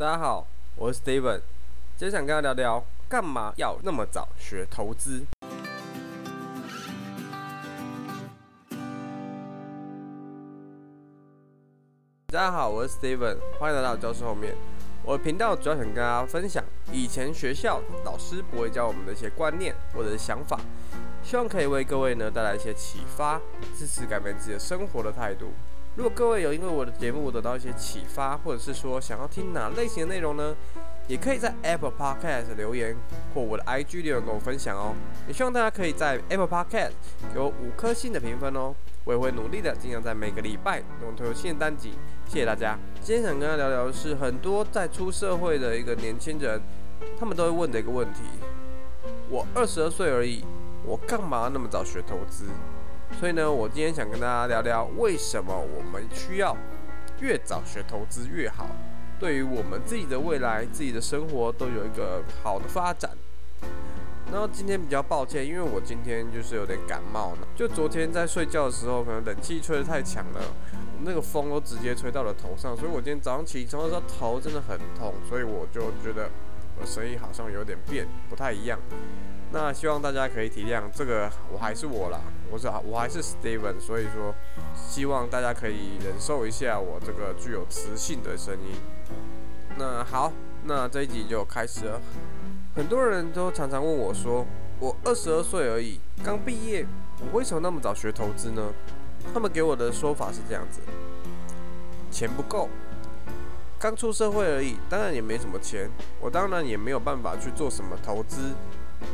大家好，我是 Steven，今天想跟大家聊聊，幹嘛要那麼早學投資？大家好，我是 Steven，歡迎來到教室後面。我的頻道主要想跟大家分享，以前學校老師不會教我們的一些觀念或者是想法，希望可以為各位呢帶來一些啟發，支持改變自己的生活的態度。如果各位有因為我的節目得到一些啟發，或者是說想要聽哪類型的內容呢，也可以在 Apple Podcast 留言或我的 IG 留言跟我分享哦。也希望大家可以在 Apple Podcast 給我五顆星的評分哦，我也會努力的，盡量在每個禮拜弄出新的單集。謝謝大家。今天想跟大家聊聊的是，很多在出社會的一個年輕人，他們都會問的一個問題：我二十二歲而已，我幹嘛那麼早學投資？所以呢，我今天想跟大家聊聊為什麼我們需要越早學投資越好，對於我們自己的未來、自己的生活都有一個好的發展。然後今天比較抱歉，因為我今天就是有點感冒呢，就昨天在睡覺的時候，可能冷氣吹得太強了，那個風都直接吹到了頭上，所以我今天早上起床的時候頭真的很痛，所以我就覺得。我聲音好像有點變，不太一樣。那希望大家可以體諒，這個我還是我啦，我是我還是 Steven，所以說希望大家可以忍受一下我這個具有磁性的聲音。那好，那這一集就開始了。很多人都常常問我說，我二十二歲而已，剛畢業，我為什麼那麼早學投資呢？他們給我的說法是這樣子，錢不夠。剛出社會而已，當然也沒什麼錢。我當然也沒有辦法去做什麼投資。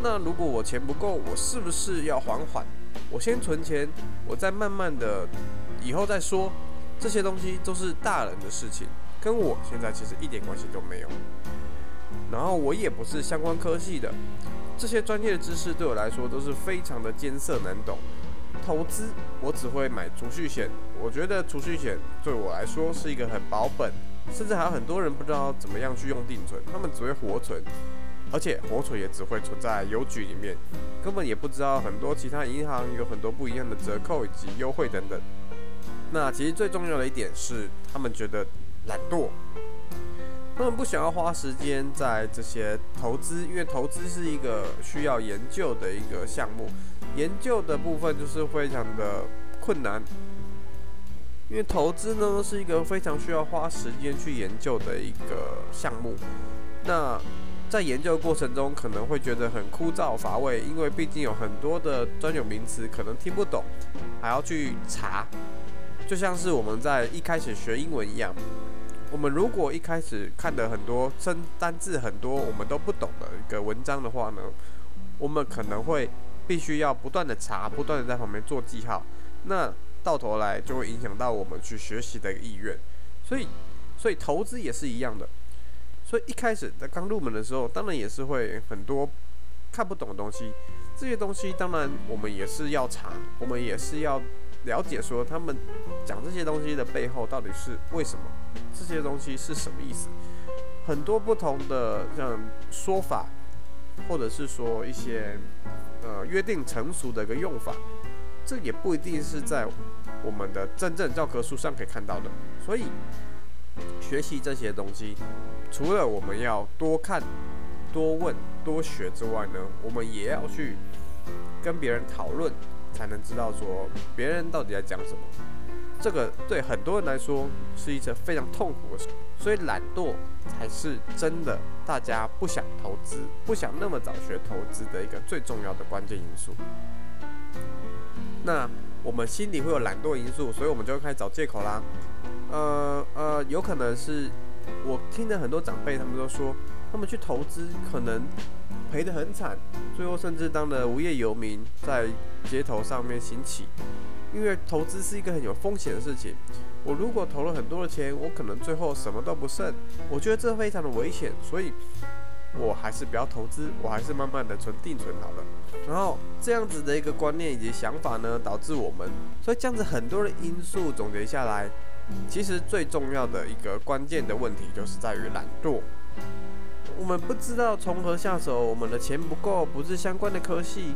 那如果我錢不夠，我是不是要緩緩？我先存錢，我再慢慢的，以後再說。這些東西都是大人的事情，跟我現在其實一點關係都沒有。然後我也不是相關科系的，這些專業的知識對我來說都是非常的艱澀難懂。投資，我只會買儲蓄險。我覺得儲蓄險對我來說是一個很保本。甚至還有很多人不知道怎麼樣去用定存，他們只會活存，而且活存也只會存在郵局裡面，根本也不知道很多其他銀行有很多不一樣的折扣以及優惠等等。那其實最重要的一點是，他們覺得懶惰，他們不想要花時間在這些投資，因為投資是一個需要研究的一個項目，研究的部分就是非常的困難。因為投資呢是一個非常需要花時間去研究的一個項目，那在研究的過程中可能會覺得很枯燥乏味，因為畢竟有很多的專有名詞可能聽不懂，還要去查，就像是我們在一開始學英文一樣，我們如果一開始看的很多生單字很多我們都不懂的一個文章的話呢，我們可能會必須要不斷地查，不斷地在旁邊做記號，那。到頭來就會影響到我們去學習的一個意願，所以，所以投資也是一樣的。所以一開始在剛入門的時候，當然也是會很多看不懂的東西。這些東西當然我們也是要查，我們也是要了解說他們講這些東西的背後到底是為什麼，這些東西是什麼意思。很多不同的像說法，或者是說一些呃約定成熟的一個用法，這也不一定是在。我們的真正教科書上可以看到的，所以學習這些東西，除了我們要多看、多問、多學之外呢，我們也要去跟別人討論，才能知道說別人到底在講什麼。這個對很多人來說是一件非常痛苦的事，所以懶惰才是真的，大家不想投資、不想那麼早學投資的一個最重要的關鍵因素。那。我們心裡會有懶惰因素，所以我們就開始找借口啦。呃呃，有可能是，我聽了很多長輩，他們都說，他們去投資可能賠得很慘，最後甚至當了無業遊民，在街頭上面行乞。因為投資是一個很有風險的事情，我如果投了很多的錢，我可能最後什麼都不剩。我覺得這非常的危險，所以。我還是不要投資，我還是慢慢的存定存好了。然後這樣子的一個觀念以及想法呢，導致我們，所以這樣子很多的因素總結下來，其實最重要的一個關鍵的問題就是在於懶惰。我們不知道從何下手，我們的錢不夠，不是相關的科系，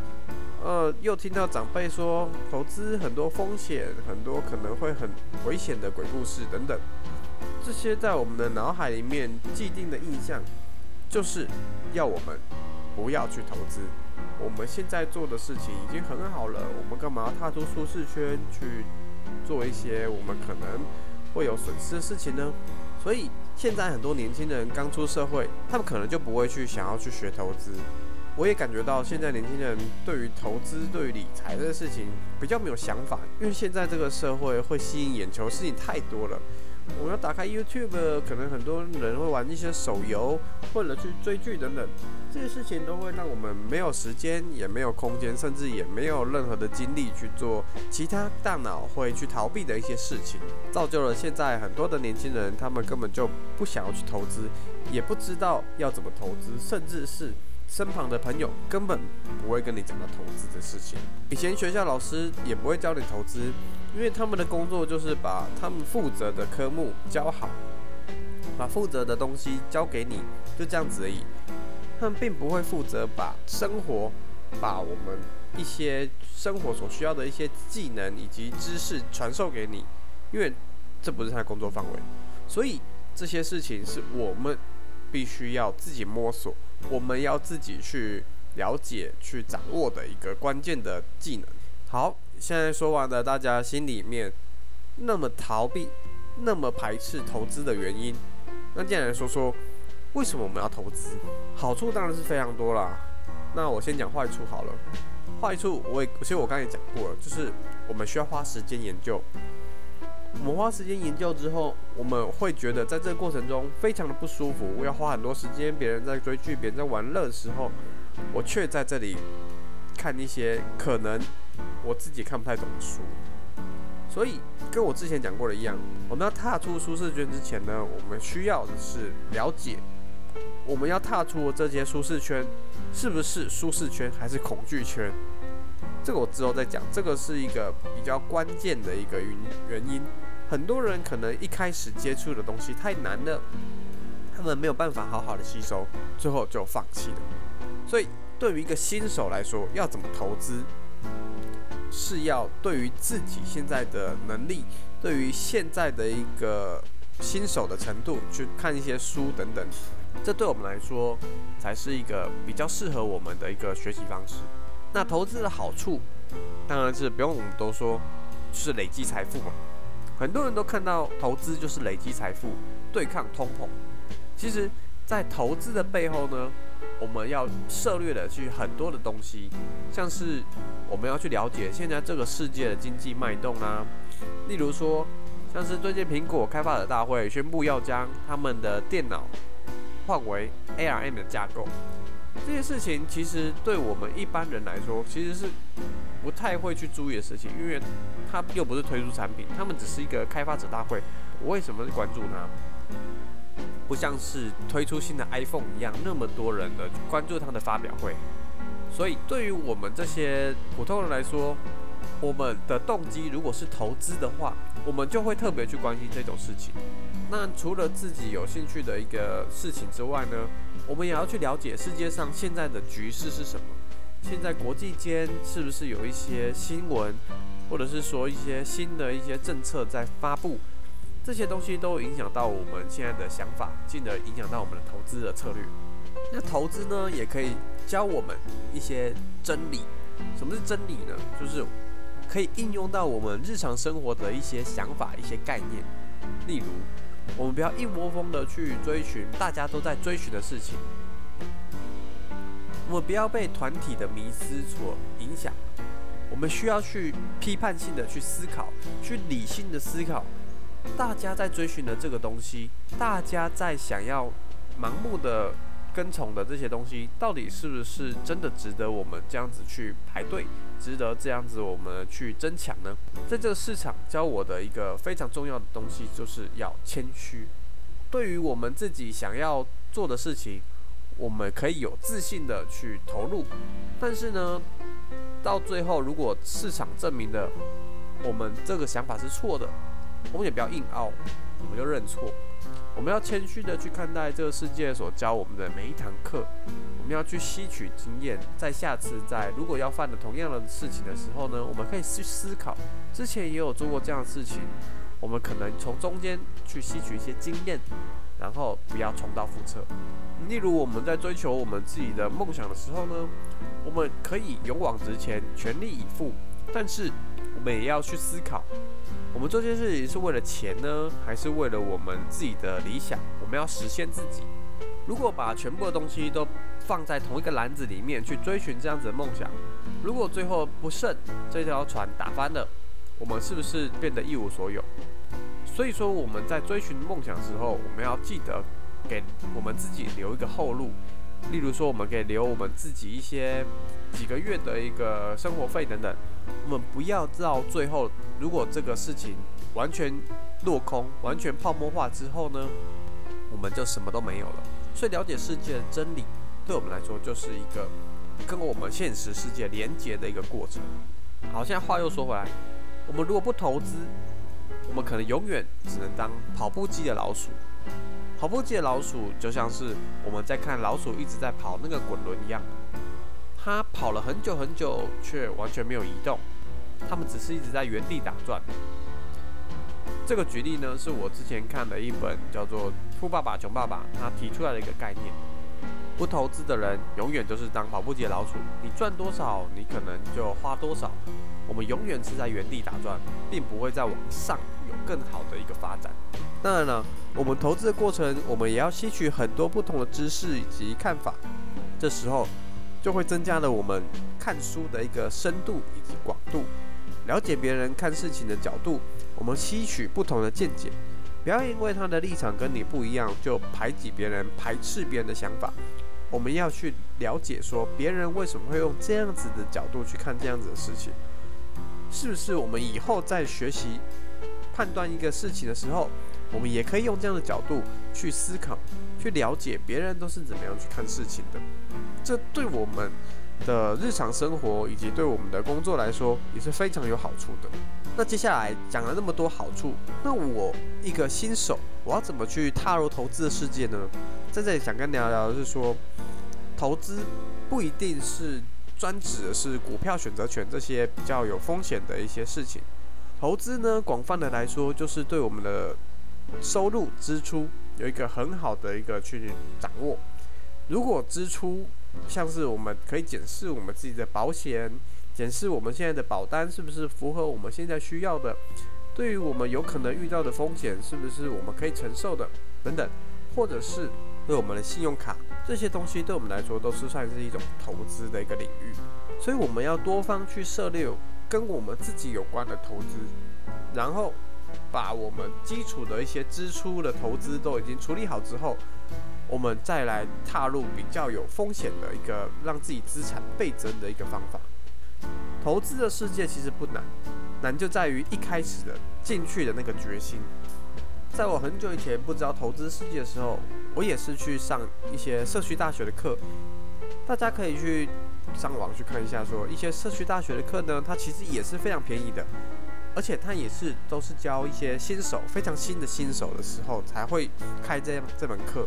呃，又聽到長輩說投資很多風險，很多可能會很危險的鬼故事等等，這些在我們的腦海裡面既定的印象。就是，要我們不要去投資。我們現在做的事情已經很好了，我們幹嘛要踏出舒適圈去做一些我們可能會有損失的事情呢？所以現在很多年輕人剛出社會，他們可能就不會去想要去學投資。我也感覺到現在年輕人對於投資、對於理財這個事情比較沒有想法，因為現在這個社會會吸引眼球的事情太多了。我們要打開 YouTube，可能很多人會玩一些手遊，或者去追劇等等，這些事情都會讓我們沒有時間，也沒有空間，甚至也沒有任何的精力去做其他大腦會去逃避的一些事情，造就了現在很多的年輕人，他們根本就不想要去投資，也不知道要怎麼投資，甚至是身旁的朋友根本不會跟你講到投資的事情，以前學校老師也不會教你投資。因為他們的工作就是把他們負責的科目教好，把負責的東西教給你，就這樣子而已。他們並不會負責把生活、把我們一些生活所需要的一些技能以及知識傳授給你，因為這不是他的工作範圍。所以這些事情是我們必須要自己摸索，我們要自己去了解、去掌握的一個關鍵的技能。好。現在說完了，大家心裡面那麼逃避，那麼排斥投資的原因，那接下來說說為什麼我們要投資？好處當然是非常多啦。那我先講壞處好了。壞處我也，其實我剛才也講過了，就是我們需要花時間研究。我們花時間研究之後，我們會覺得在這個過程中非常的不舒服，我要花很多時間。別人在追劇，別人在玩樂的時候，我卻在這裡看一些可能。我自己看不太懂的書，所以跟我之前講過的一樣，我們要踏出舒適圈之前呢，我們需要的是了解，我們要踏出這些舒適圈，是不是舒適圈還是恐懼圈？這個我之後再講，這個是一個比較關鍵的一個原原因。很多人可能一開始接觸的東西太難了，他們沒有辦法好好的吸收，最後就放棄了。所以對於一個新手來說，要怎麼投資？是要對於自己現在的能力，對於現在的一個新手的程度，去看一些書等等，這對我們來說才是一個比較適合我們的一個學習方式。那投資的好處，當然是不用我們多說，是累積財富嘛。很多人都看到投資就是累積財富，對抗通膨。其實，在投資的背後呢，我們要涉獵的去很多的東西，像是。我們要去了解現在這個世界的經濟脈動啦、啊，例如說，像是最近蘋果開發者大會宣佈要將他們的電腦換為 ARM 的架構，這些事情其實對我們一般人來說，其實是不太會去注意的事情，因為它又不是推出產品，他們只是一個開發者大會，我為什麼會關注呢？不像是推出新的 iPhone 一樣，那麼多人的關注它的發表會。所以，對於我們這些普通人來說，我們的動機如果是投資的話，我們就會特別去關心這種事情。那除了自己有興趣的一個事情之外呢，我們也要去了解世界上現在的局勢是什麼，現在國際間是不是有一些新聞，或者是說一些新的一些政策在發布，這些東西都影響到我們現在的想法，進而影響到我們的投資的策略。那投資呢，也可以。教我們一些真理，什麼是真理呢？就是可以應用到我們日常生活的一些想法、一些概念。例如，我們不要一窩蜂的去追尋大家都在追尋的事情，我們不要被團體的迷思所影響。我們需要去批判性的去思考，去理性的思考，大家在追尋的這個東西，大家在想要盲目的跟從的這些東西到底是不是真的值得我們這樣子去排隊，值得這樣子我們去爭搶呢？在這個市場教我的一個非常重要的東西，就是要謙虛。對於我們自己想要做的事情，我們可以有自信的去投入，但是呢，到最後如果市場證明了我們這個想法是錯的，我們也不要硬凹，我們就認錯。我們要謙虛地去看待這個世界所教我們的每一堂課，我們要去吸取經驗，在下次在如果要犯的同樣的事情的時候呢，我們可以去思考，之前也有做過這樣的事情，我們可能從中間去吸取一些經驗，然後不要重蹈覆轍。例如我們在追求我們自己的夢想的時候呢，我們可以勇往直前，全力以赴，但是我們也要去思考。我們做這些事情是為了錢呢，還是為了我們自己的理想？我們要實現自己。如果把全部的東西都放在同一個籃子裡面去追尋這樣子的夢想，如果最後不慎這條船打翻了，我們是不是變得一無所有？所以說我們在追尋夢想的時候，我們要記得給我們自己留一個後路。例如說，我們可以留我們自己一些。幾個月的一個生活費等等，我們不要到最後，如果這個事情完全落空，完全泡沫化之後呢，我們就什麼都沒有了。所以了解世界的真理，對我們來說就是一個跟我們現實世界連接的一個過程。好，現在話又說回來，我們如果不投資，我們可能永遠只能當跑步機的老鼠。跑步機的老鼠就像是我們在看老鼠一直在跑那個滾輪一樣。他跑了很久很久，卻完全沒有移動。他們只是一直在原地打轉。這個舉例呢，是我之前看的一本叫做《富爸爸、窮爸爸》，他提出來的一個概念：不投資的人永遠都是當跑步機的老鼠。你賺多少，你可能就花多少。我們永遠是在原地打轉，並不會再往上有更好的一個發展。當然了，我們投資的過程，我們也要吸取很多不同的知識以及看法。這時候。就會增加了我們看書的一個深度以及廣度，了解別人看事情的角度，我們吸取不同的見解，不要因為他的立場跟你不一樣就排擠別人、排斥別人的想法。我們要去了解說別人為什麼會用這樣子的角度去看這樣子的事情，是不是我們以後在學習判斷一個事情的時候……我們也可以用這樣的角度去思考，去了解別人都是怎麼樣去看事情的。這對我們的日常生活以及對我們的工作來說也是非常有好處的。那接下來講了那麼多好處，那我一個新手，我要怎麼去踏入投資的世界呢？在這裡想跟你聊聊的是說，投資不一定是專指的是股票、選擇權這些比較有風險的一些事情。投資呢，廣泛的來說，就是對我們的。收入、支出有一個很好的一個去掌握。如果支出，像是我們可以檢視我們自己的保險，檢視我們現在的保單是不是符合我們現在需要的，對於我們有可能遇到的風險是不是我們可以承受的等等，或者是對我們的信用卡這些東西，對我們來說都是算是一種投資的一個領域，所以我們要多方去涉獵跟我們自己有關的投資，然後。把我們基礎的一些支出的投資都已經處理好之後，我們再來踏入比較有風險的一個讓自己資產倍增的一個方法。投資的世界其實不難，難就在於一開始的進去的那個決心。在我很久以前不知道投資世界的時候，我也是去上一些社區大學的課，大家可以去上網去看一下，說一些社區大學的課呢，它其實也是非常便宜的。而且他也是都是教一些新手非常新的新手的時候才會開這樣這門課，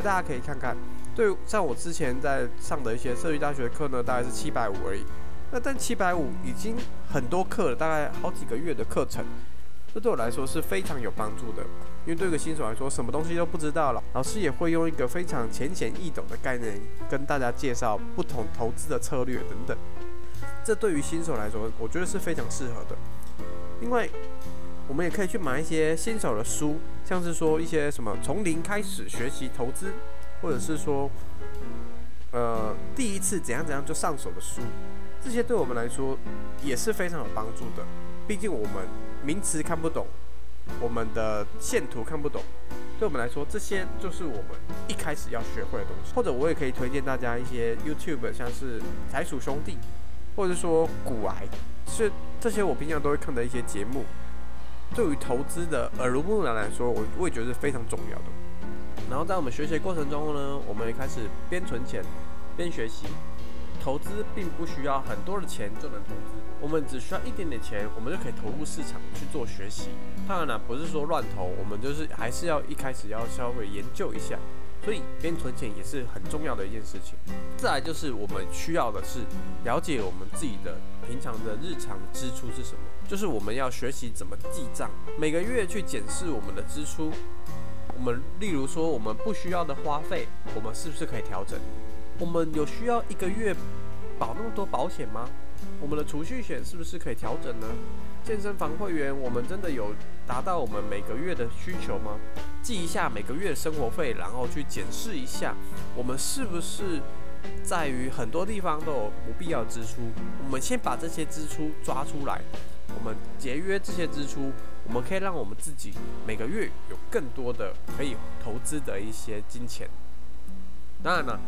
大家可以看看。對，像我之前在上的一些社區大學課呢，大概是七百五而已。那但七百五已經很多課了，大概好幾個月的課程，這對我來說是非常有幫助的。因為對個新手來說，什麼東西都不知道了，老師也會用一個非常淺顯易懂的概念跟大家介紹不同投資的策略等等。這對於新手來說，我覺得是非常適合的。另外，我們也可以去買一些新手的書，像是說一些什麼從零開始學習投資，或者是說、嗯，呃，第一次怎樣怎樣就上手的書，這些對我們來說也是非常有幫助的。畢竟我們名詞看不懂，我們的線圖看不懂，對我們來說這些就是我們一開始要學會的東西。或者我也可以推薦大家一些 YouTube，像是柴鼠兄弟。或者說股癌，所以這些我平常都會看的一些節目，對於投資的耳濡目染來說，我我也覺得是非常重要的。然後在我們學習的過程中呢，我們也開始邊存錢邊學習。投資並不需要很多的錢就能投資，我們只需要一點點錢，我們就可以投入市場去做學習。當然了、啊，不是說亂投，我們就是還是要一開始要稍微研究一下。所以，邊存錢也是很重要的一件事情。再來就是，我們需要的是了解我們自己的平常的日常支出是什麼。就是我們要學習怎麼記賬，每個月去檢視我們的支出。我們例如說，我們不需要的花費，我們是不是可以調整？我們有需要一個月保那麼多保險嗎？我們的儲蓄險是不是可以調整呢？健身房會員，我們真的有達到我們每個月的需求嗎？記一下每個月生活費，然後去檢視一下，我們是不是在於很多地方都有不必要支出。我們先把這些支出抓出來，我們節約這些支出，我們可以讓我們自己每個月有更多的可以投資的一些金錢。當然了，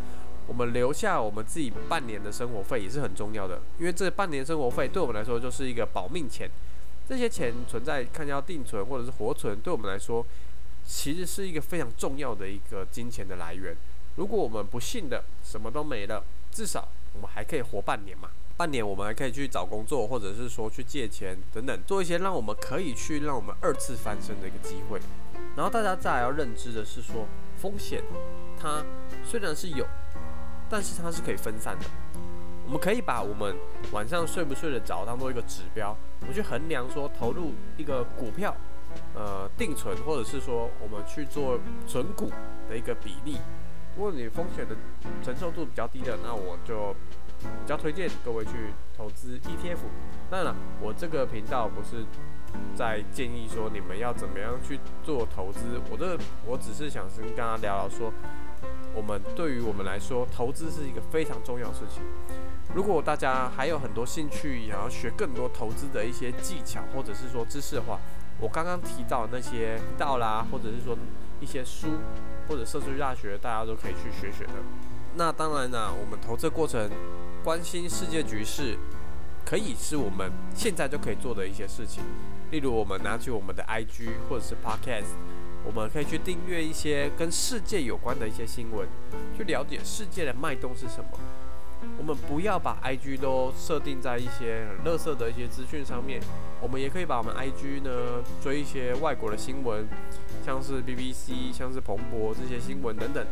我們留下我們自己半年的生活費也是很重要的，因為這半年生活費對我們來說就是一個保命錢。這些錢存在，看要定存或者是活存，對我們來說其實是一個非常重要的一個金錢的來源。如果我們不幸的什麼都沒了，至少我們還可以活半年嘛，半年我們還可以去找工作，或者是說去借錢等等，做一些讓我們可以去讓我們二次翻身的一個機會。然後大家再來要認知的是說，風險它雖然是有，但是它是可以分散的。我們可以把我們晚上睡不睡得着當做一個指標，我去衡量說投入一個股票，呃，定存或者是說我們去做存股的一個比例。如果你風險的承受度比較低的，那我就比較推薦各位去投資 ETF。當然了，我這個頻道不是在建議說你們要怎麼樣去做投資，我這我只是想跟大家聊聊說。我們對於我們來說，投資是一個非常重要的事情。如果大家還有很多興趣想要學更多投資的一些技巧，或者是說知識的話，我剛剛提到的那些道啦，或者是說一些書，或者社區大學，大家都可以去學學的。那當然啦，我們投資過程關心世界局勢，可以是我們現在就可以做的一些事情。例如，我們拿去我們的 IG 或者是 Podcast。我們可以去訂閱一些跟世界有關的一些新聞，去了解世界的脈動是什麼。我們不要把 IG 都設定在一些很垃圾的一些資訊上面。我們也可以把我們 IG 呢，追一些外國的新聞，像是 BBC、像是彭博這些新聞等等。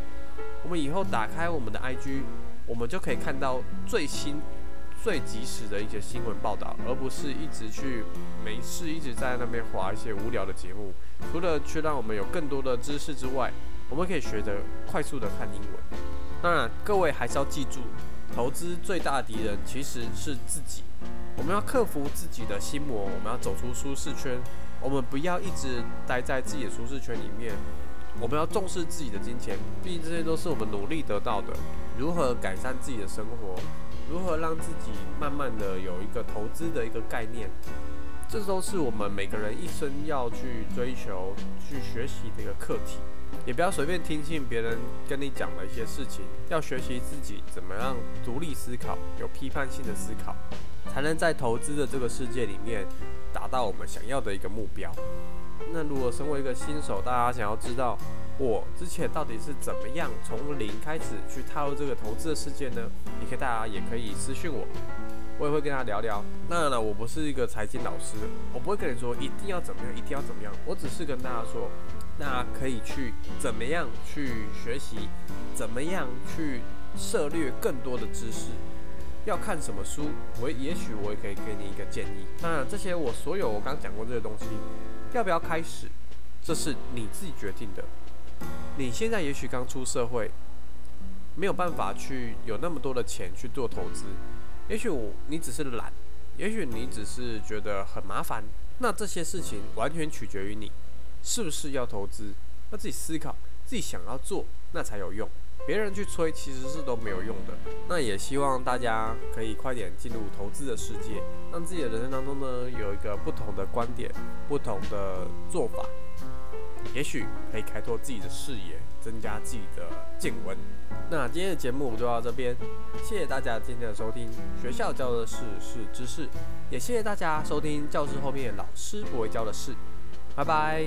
我們以後打開我們的 IG，我們就可以看到最新，最及時的一些新聞報道，而不是一直去沒事一,一直在那邊滑一些無聊的節目。除了去讓我們有更多的知識之外，我們可以學着快速的看英文。當然，各位還是要記住，投資最大的敵人其實是自己。我們要克服自己的心魔，我們要走出舒適圈，我們不要一直待在自己的舒適圈裡面。我們要重視自己的金錢，畢竟這些都是我們努力得到的。如何改善自己的生活？如何讓自己慢慢的有一個投資的一個概念，這都是我們每個人一生要去追求、去學習的一個課題。也不要隨便聽信別人跟你講的一些事情，要學習自己怎麼樣獨立思考，有批判性的思考，才能在投資的這個世界裡面達到我們想要的一個目標。那如果身為一個新手，大家想要知道，我之前到底是怎麼樣從零開始去踏入這個投資的世界呢？你可以，大家也可以私訊我，我也會跟他聊聊。當然了，我不是一個財經老師，我不會跟你說一定要怎麼樣，一定要怎麼樣。我只是跟大家說，那可以去怎麼樣去學習，怎麼樣去涉獵更多的知識，要看什麼書，我也也許我也可以給你一個建議。那這些我所有我剛講過這些東西，要不要開始，這是你自己決定的。你現在也許剛出社會，沒有辦法去有那麼多的錢去做投資。也許你只是懶，也許你只是覺得很麻煩。那這些事情完全取決於你，是不是要投資？要自己思考，自己想要做，那才有用。別人去催，其實是都沒有用的。那也希望大家可以快點進入投資的世界，讓自己的人生當中呢，有一個不同的觀點，不同的做法。也許可以開拓自己的視野，增加自己的見聞。那、啊、今天的節目就到這邊，謝謝大家今天的收聽。學校教的事是知識，也謝謝大家收聽教室後面老師不會教的事。拜拜。